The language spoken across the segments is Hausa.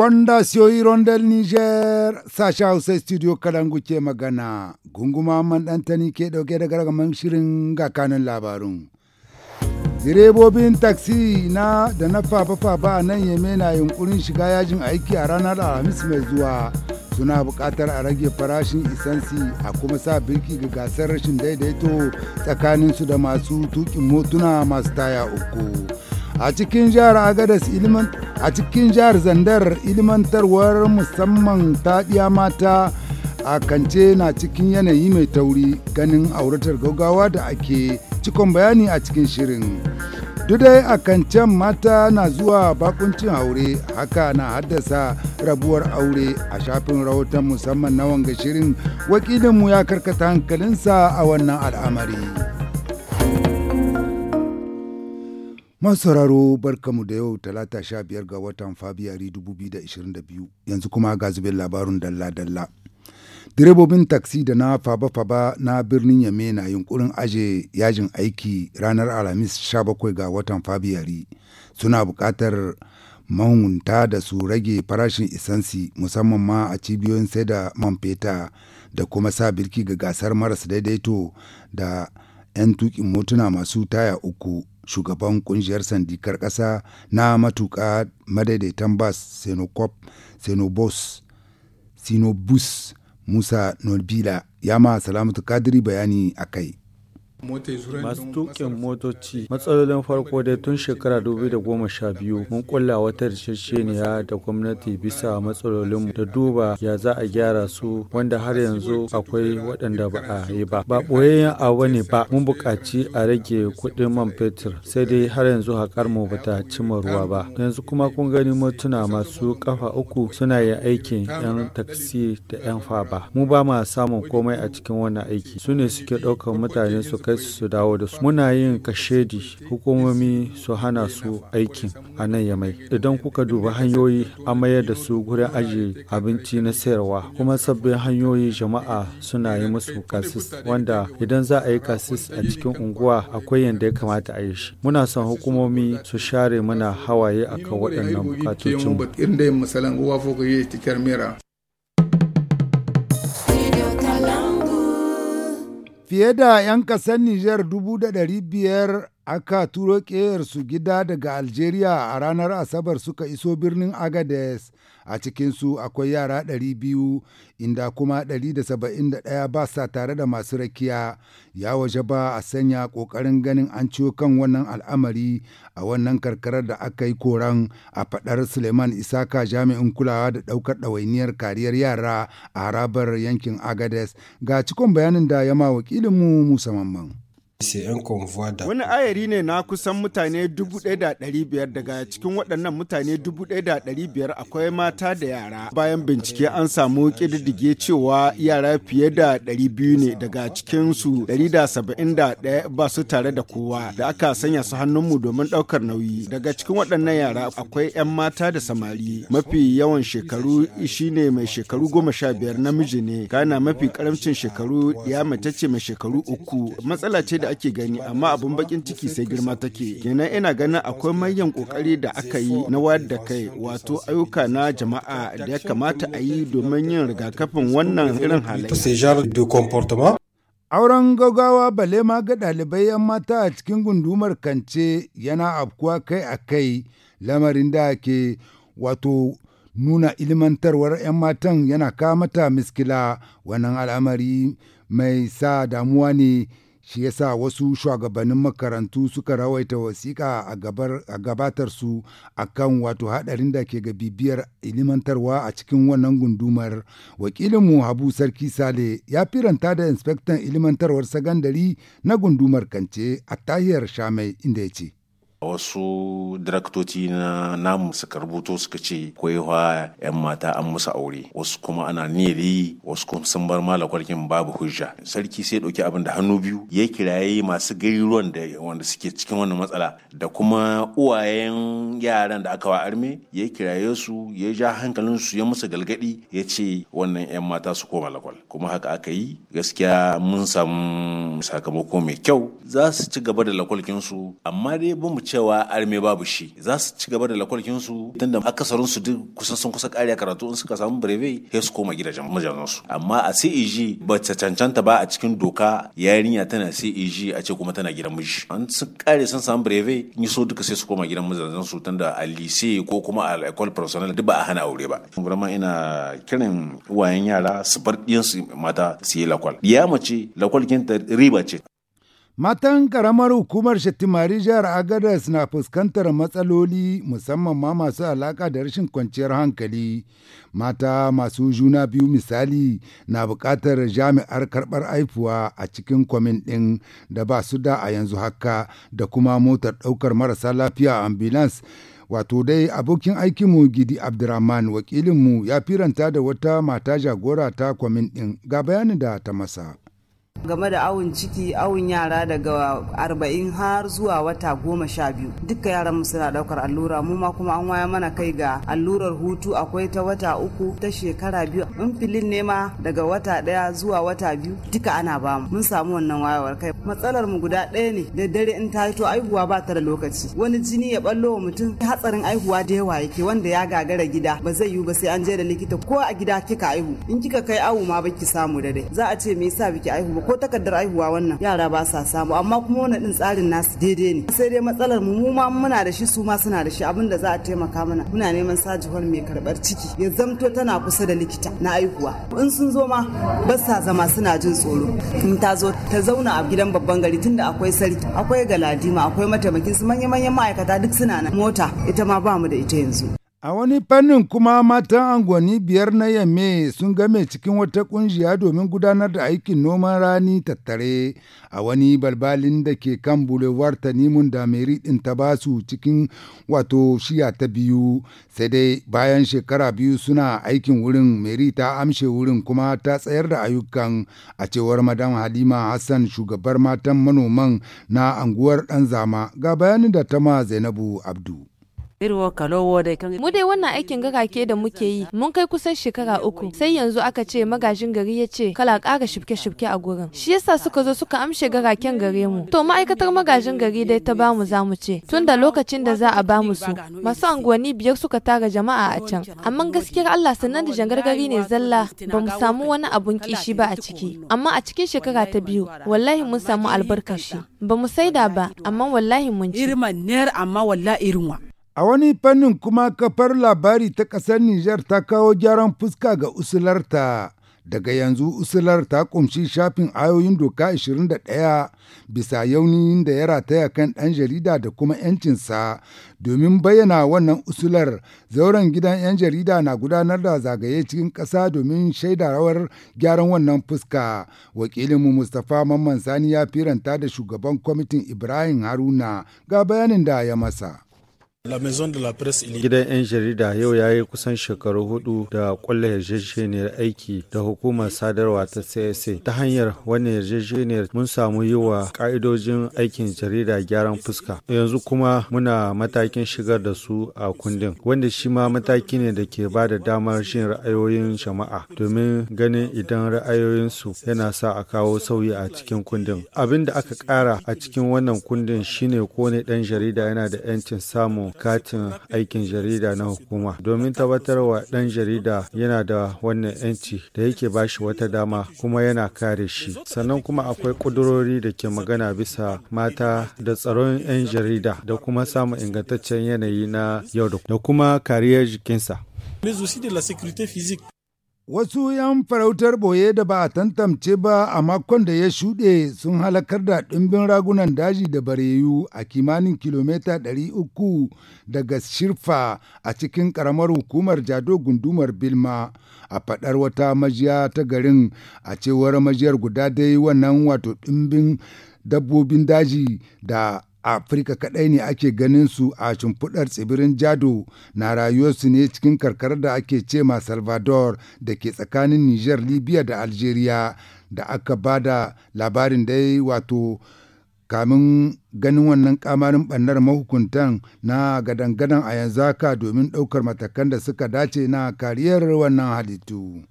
Fondation Hirondel Niger sasha Hausa studio Kalangu ke magana gunguma man ɗantani ke ɗauke da gargaman shirin ga kanin labarun. Direbobin taksi na da na fafa-fafa a nan yame na yunkurin shiga yajin aiki a ranar Alhamis mai zuwa suna buƙatar a rage farashin isansi a kuma sa birki ga gasar rashin daidaito tsakaninsu da masu tuƙin motuna masu taya uku. a cikin jihar agadas ilimin a cikin jihar zandar ilimantarwar musamman ta ɗiya mata a kance na cikin yanayi mai tauri ganin auratar gaugawa da ake cikon bayani a cikin shirin dudai a kancan mata na zuwa bakuncin aure haka na haddasa rabuwar aure a shafin rahoton musamman na wanga shirin wakilinmu ya karkata hankalinsa a wannan al'amari. masauraro barkamu da yau talata sha biyar ga watan fabiyari 2022 yanzu kuma ga zubin labarun dalla-dalla direbobin taksi da na faba-faba na birnin yame na yunkurin aje yajin aiki ranar alhamis 17 ga watan fabiyari suna buƙatar mahunta da su rage farashin isansi musamman ma a cibiyoyin sai da man feta da kuma sa birki ga gasar maras daidaito da 'yan tukin motuna masu taya uku shugaban kungiyar sandikar ƙasa na matuƙa madaidaitan bas senokop senobos sinobus musa nobila ya ma salamatu kadiri bayani a kai masu tukin motoci matsalolin farko dai tun shekara 2012 mun kulla wata ya da gwamnati bisa matsalolin da duba ya za a gyara su wanda har yanzu akwai waɗanda ba a yi ba ba ɓoyayyen abu ne ba mun buƙaci a rage kuɗin man fetur sai dai har yanzu haƙar mu ba ta cima ruwa ba yanzu kuma kun gani motuna masu kafa uku suna yin aikin 'yan taksi da 'yan faba mu ba ma samun komai a cikin wannan aiki su ne suke ɗaukar mutane su kai su dawo da su muna yin kashedi hukumomi su hana su aikin a nan mai idan kuka duba hanyoyi a mayar da su gurin ajiye abinci na sayarwa kuma sabbin hanyoyi jama'a suna yi musu kasis wanda idan za a yi kasis a cikin unguwa akwai yadda ya kamata a yi shi muna son hukumomi su share mana hawaye akan waɗannan bukatocin fiye da 'yan ƙasar Nijar biyar. aka turo ƙeyarsu gida daga Algeria a ranar Asabar suka iso birnin Agades a cikinsu akwai yara 200 inda kuma 171 ba sa tare da masu rakiya ya waje ba a sanya ƙoƙarin ganin an ciwo kan wannan al'amari a wannan karkarar da aka yi koran a faɗar Suleiman Isaka jami'in kulawa da ɗaukar ɗawainiyar kariyar yara a harabar yankin Agades ga cikon bayanin da ya ma wakilinmu Musa Mamman. Wani ayari ne na kusan mutane 1,500 daga cikin waɗannan mutane 1,500 akwai mata da yara. Bayan bincike an samu ƙididdige cewa yara fiye da 200 ne daga cikinsu 171 ba su tare da kowa da aka sanya su hannunmu domin ɗaukar nauyi. Daga cikin waɗannan yara akwai 'yan mata da samari. Mafi yawan shekaru shine mai shekaru 15 namiji ne. Kana mafi karamcin shekaru ya mace ce mai shekaru uku. Matsala ce da ake gani amma abun bakin ciki sai girma take kenan ina ganin akwai manyan kokari da aka yi na wayar da kai wato ayyuka na jama'a da ya kamata a yi domin yin rigakafin wannan irin halayya Auren gaugawa bale ma ga ɗalibai 'yan mata a cikin gundumar kance yana afkuwa kai a kai lamarin da ke wato nuna ilimantarwar 'yan matan yana kamata mata miskila wannan al'amari mai sa damuwa ne shi yasa wasu shugabannin makarantu suka rawaita wasiƙa a gabatar su a kan wato haɗarin da ke ga bibiyar ilimantarwa a cikin wannan gundumar wakilinmu habu sarki sale ya firanta da inspektan ilimantarwar sagandari na gundumar kance a tahiyar shamai inda ya ce A wasu direktoci na namu suka rubuto suka ce wa 'yan mata an musu aure wasu kuma ana niyyar wasu kuma sun bar malakwarkin babu hujja sarki sai ɗauki abin da hannu biyu ya kiraye masu gari ruwan da wanda suke cikin wannan matsala da kuma uwayen yaran da aka wa arme ya kiraye su ya ja hankalin su ya musu galgadi ya ce wannan 'yan mata su koma lakwal kuma haka aka yi gaskiya mun samu sakamako mai kyau za su ci gaba da lakwalkin su amma dai bamu mu cewa arme babu shi za su ci gaba da lakwalkinsu tunda akasarin su duk kusan sun kusa kariya karatu in suka samu breve sai su koma gidajen majanansu amma a CEG ba ta cancanta ba a cikin doka yarinya tana CEG a ce kuma tana gidan miji an su kare sun samu breve in so duka sai su koma gidan majanansu tunda a lise ko kuma a ecole personnel duk ba a hana aure ba kuma ina kiran uwayen yara su bar su mata su yi lakwal ya mace lakwalkin ta riba ce Matan ƙaramar hukumar Shattimari jihar Agadas na fuskantar matsaloli musamman ma masu alaƙa da rashin kwanciyar hankali. Mata masu juna biyu misali na buƙatar jami'ar karɓar haifuwa a cikin kwamin ɗin da ba su da a yanzu haka da kuma motar ɗaukar marasa lafiya ambulans wato dai abokin aikinmu gidi abdurrahman wakilinmu ya firanta da wata mata jagora ta kwamin ɗin ga bayani da ta masa game da awun ciki awun yara daga arba'in har zuwa wata goma sha biyu duka yaran mu suna daukar allura mu ma kuma an waya mana kai ga allurar hutu akwai ta wata uku ta shekara biyu in filin ne ma daga wata daya zuwa wata biyu duka ana bamu mun samu wannan wayawar kai matsalar mu guda ɗaya ne da dare in ta to aihuwa ba ta da lokaci wani jini ya ballo wa mutum hatsarin aihuwa da yawa yake wanda ya gagara gida ba zai yiwu ba sai an je da likita ko a gida kika aihu in kika kai awu ma baki samu da dai za a ce me yasa biki aihu ba ko takardar aihuwa wannan yara ba sa samu amma kuma wannan din tsarin nasu daidai ne sai dai matsalar mu ma muna da shi su ma suna da shi Abun da za a taimaka mana muna neman sajiwar mai karbar ciki ya zamto tana kusa da likita na aihuwa in sun zo ma ba sa zama suna jin tsoro in ta zo ta zauna a gidan babban gari tunda akwai sarki akwai galadima akwai mataimakin su manya-manyan ma'aikata duk suna nan mota ita ma ba mu da ita yanzu A wani fannin kuma matan unguwanni biyar na Yamme sun game cikin wata ƙungiya domin gudanar da aikin noman rani tattare a wani balbalin da ke kan bulewar ta nimun da Meri ɗin ta basu cikin wato shiya ta biyu sai dai bayan shekara biyu suna aikin wurin Meri ta amshe wurin kuma ta tsayar da ayyukan a cewar Madam Halima Hassan shugabar matan manoman na anguwar zama, ga bayanin da ta Zainabu Abdu. irwa kalowo dai kan mu dai wannan aikin gagake da muke yi mun kai kusan shekara uku sai yanzu aka ce magajin gari ya ce kala ƙara shifke shifke a gurin shi yasa suka zo suka amshe gagaken gare mu to ma'aikatar magajin gari dai ta bamu zamu ce tun da lokacin da za a bamu su masu unguwanni biyar suka tara jama'a a can amma gaskiyar Allah sannan da gari ne zalla ba mu samu wani abun kishi ba a ciki amma a cikin shekara ta biyu wallahi mun samu albarkashi ba mu saida ba amma wallahi mun ci irman ner amma wallahi irinwa A wani fannin kuma kafar labari ta ƙasar Nijar ta kawo gyaran fuska ga usularta. Daga yanzu usular ta ƙumshi shafin ayoyin doka 21 bisa yaunin da ya rataya kan ɗan jarida da kuma 'yancinsa domin bayyana wannan usular zauren gidan 'yan jarida na gudanar da zagaye cikin ƙasa domin shaida rawar gyaran wannan fuska wakilinmu mustapha mamman sani ya firanta da shugaban kwamitin ibrahim haruna ga bayanin da ya masa. La Gidan 'yan jarida yau ya yi kusan shekaru hudu da kulla yarjejeniyar aiki da hukumar sadarwa ta CSA. Ta hanyar wannan yarjejeniyar mun samu yi wa ka'idojin aikin jarida gyaran fuska. Yanzu kuma muna matakin shigar da su a kundin, wanda shi ma mataki ne da ke ba da damar shin ra'ayoyin jama'a domin ganin idan ra'ayoyinsu yana sa a kawo sauyi a cikin kundin. Abin da aka ƙara a cikin wannan kundin shine ko ne ɗan jarida yana da 'yancin samun katin aikin jarida na hukuma domin tabbatar wa ɗan jarida yana da wannan 'yanci da yake bashi wata dama kuma yana kare shi sannan kuma akwai kudurori da ke magana bisa mata da tsaron 'yan jarida da kuma samun ingantaccen yanayi na yau da kuma kariyar jikinsa. Wasu 'yan farautar boye da ba a tantamce ba a makon da ya shuɗe sun halakar da ɗimbin ragunan daji da bareyu a kimanin kilomita 300 daga Shirfa a cikin ƙaramar hukumar Jado gundumar Bilma a faɗar wata majiya ta garin a cewar majiyar guda dai wannan wato ɗimbin dabbobin daji da afirka kaɗai ne ake ganin su a shimfiɗar tsibirin jado na rayuwarsu ne cikin karkarar da ake ce ma salvador da ke tsakanin niger libya da algeria da aka ba da labarin dai wato kamin ganin wannan kamarin bannar mahukuntan na gadan a yanzu haka domin ɗaukar matakan da suka dace na kariyar wannan halittu.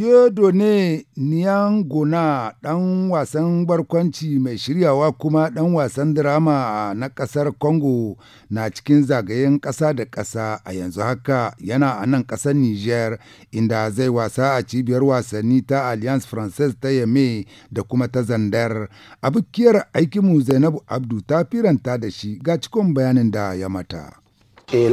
Diodone Nyangona ɗan wasan barkwanci mai shiryawa kuma ɗan wasan drama na ƙasar Congo na cikin zagayen ƙasa da ƙasa a yanzu haka yana a nan ƙasar Niger inda zai wasa a cibiyar wasanni ta Alliance Française ta Yame da kuma ta Zandar. Abukiyar aikinmu Zainabu Abdu ta firanta da shi ga cikon bayanin da ya mata. Eh,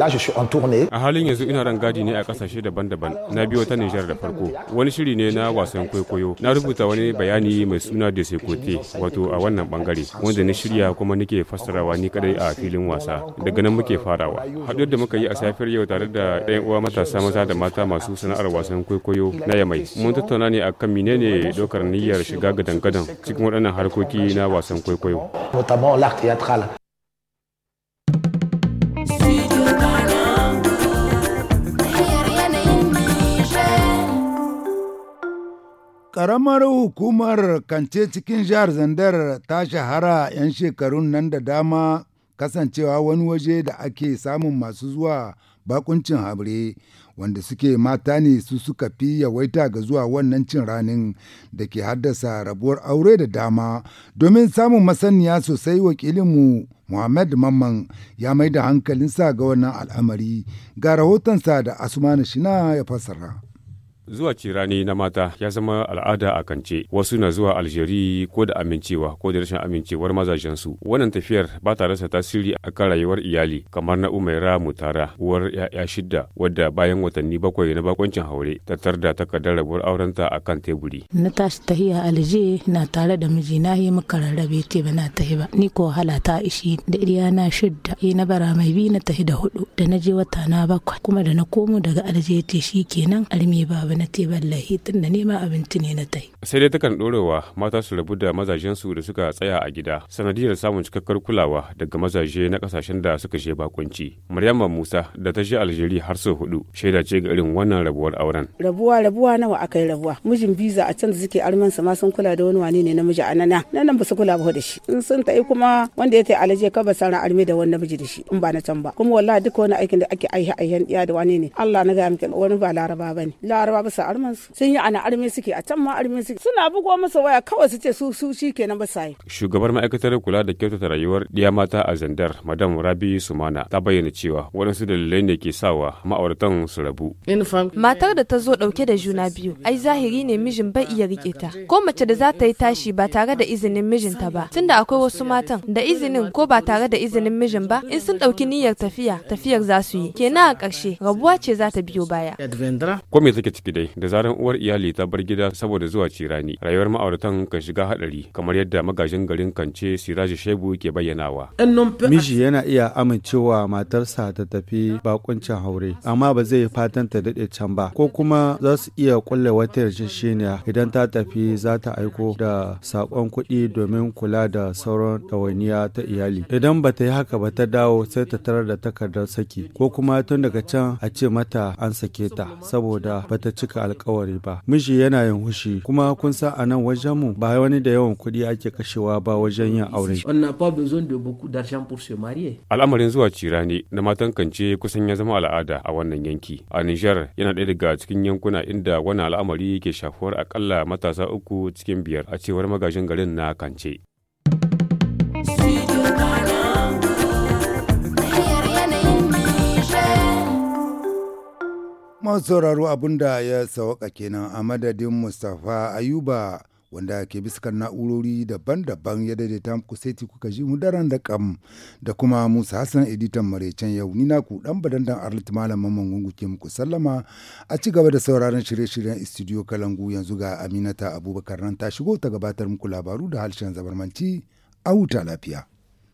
a halin yanzu ina ran gadi ne a kasashe daban-daban. Na biyo ta Nijar da farko. Wani shiri ne na wasan kwaikwayo. Na rubuta wani bayani mai suna da sekote wato a wannan bangare wanda na shirya kuma nake fassarawa ni kadai a filin wasa. Daga nan muke farawa. Haɗuwar da muka yi a safiyar yau tare da ɗayan uwa matasa maza da mata masu sana'ar wasan kwaikwayo na Yamai. Mun tattauna ne akan menene dokar niyyar shiga gadan-gadan cikin waɗannan harkoki na wasan kwaikwayo. Ƙaramar hukumar Kance cikin jihar Zandar ta shahara 'yan shekarun nan da dama kasancewa wani waje da ake samun masu zuwa bakuncin habre wanda suke mata ne su suka fi yawaita ga zuwa wannan cin ranin da ke haddasa rabuwar aure da dama domin samun masaniya sosai wakilinmu Muhammad Mamman ya mai da hankalinsa ga wannan al'amari ga rahotonsa da asumana Shina ya fassara. Zuwa cirani na mata ya zama al'ada a kance, wasu na zuwa Aljeri ko da amincewa ko da rashin amincewar mazajensu. Wannan tafiyar ba ta rasa tasiri a kan rayuwar iyali, kamar na Umaira Mutara, uwar ‘ya'ya shidda, wadda bayan watanni bakwai na bakoncin haure, ta tar da takardar rabuwar aurenta a kan teburi. Na tashi tahiya Alje na tare da n'a yi mu rarrabe te ba na tahi ba, ni ko hala ta ishi da iyana shidda, yi na bara mai bi na tahi da hudu, da na je wata na bakwai, kuma da na komo daga Alje te shi kenan almi babu na teban lahi da nema abinci ne na ta yi. Sai dai takan ɗorewa mata su rabu da mazajensu da suka tsaya a gida sanadiyar samun cikakkar kulawa daga mazaje na kasashen da suka je bakunci. Maryama Musa da ta je Algeria har sau hudu shaida ce ga irin wannan rabuwar auren. Rabuwa rabuwa nawa akai rabuwa mijin biza a can da suke armansa ma sun kula da wani wani ne namiji a na nan ba su kula ba da shi in sun ta kuma wanda ya ta yi alaje ka ba ran arme da wani namiji da shi in ba na can ba kuma wallahi duka wani aikin da ake aihe aihen iya da wani ne Allah na gaya miki wani ba laraba bane laraba ba su su sun yi ana arme suke a can ma arme suke suna bugo masa waya kawai su ce su su shi ba sa yi. Shugabar ma'aikatar kula da kyautata rayuwar ɗiya mata a Zandar Madam Rabi Sumana ta bayyana cewa waɗansu dalilai ne ke sawa ma'auratan su rabu. Matar da ta zo ɗauke da juna biyu ai zahiri ne mijin bai iya riƙe ta ko mace da za ta yi tashi ba tare da izinin mijinta ba tunda akwai wasu matan da izinin ko ba tare da izinin mijin ba in sun ɗauki niyyar tafiya tafiyar za su yi kenan a ƙarshe rabuwa ce za ta biyo baya. Ko me take ciki dai da zaran uwar iyali ta bar gida saboda zuwa cirani rayuwar ma'auratan kan shiga haɗari kamar yadda magajin garin Kance Siraji Shebu ke bayyanawa. Miji yana iya amincewa matarsa ta tafi bakuncin haure amma ba zai fatan ta daɗe can ba ko kuma za su iya kulle wata yarjejeniya idan ta tafi za ta aiko da sakon kuɗi domin kula da sauran ɗawainiya ta iyali idan ba ta yi haka ba ta dawo sai ta tarar da takardar saki ko kuma tun daga can a ce mata an sake ta saboda ba ta ci cika alkawari ba miji yana yin hushi kuma kun sa a nan wajen mu ba wani da yawan kuɗi ake kashewa ba wajen yin aure al'amarin zuwa cira ne na matan kance kusan ya zama al'ada a wannan yanki a nijar yana ɗaya daga cikin yankuna inda wannan al'amari ke shafuwar akalla matasa uku cikin biyar a cewar magajin garin na kance. masu sauraro abin da ya sauka kenan a madadin mustapha ayuba wanda ke biskar na'urori daban-daban ya daidaita muku sai kuka ji mu daren da kam da kuma musa hassan editan maraicen yau ni naku dan badandan arlit malamin gungu ke muku sallama a ci gaba da sauraron shirye-shiryen studio kalangu yanzu ga aminata abubakar nan ta shigo ta gabatar muku labaru da harshen zabarmanci a wuta lafiya.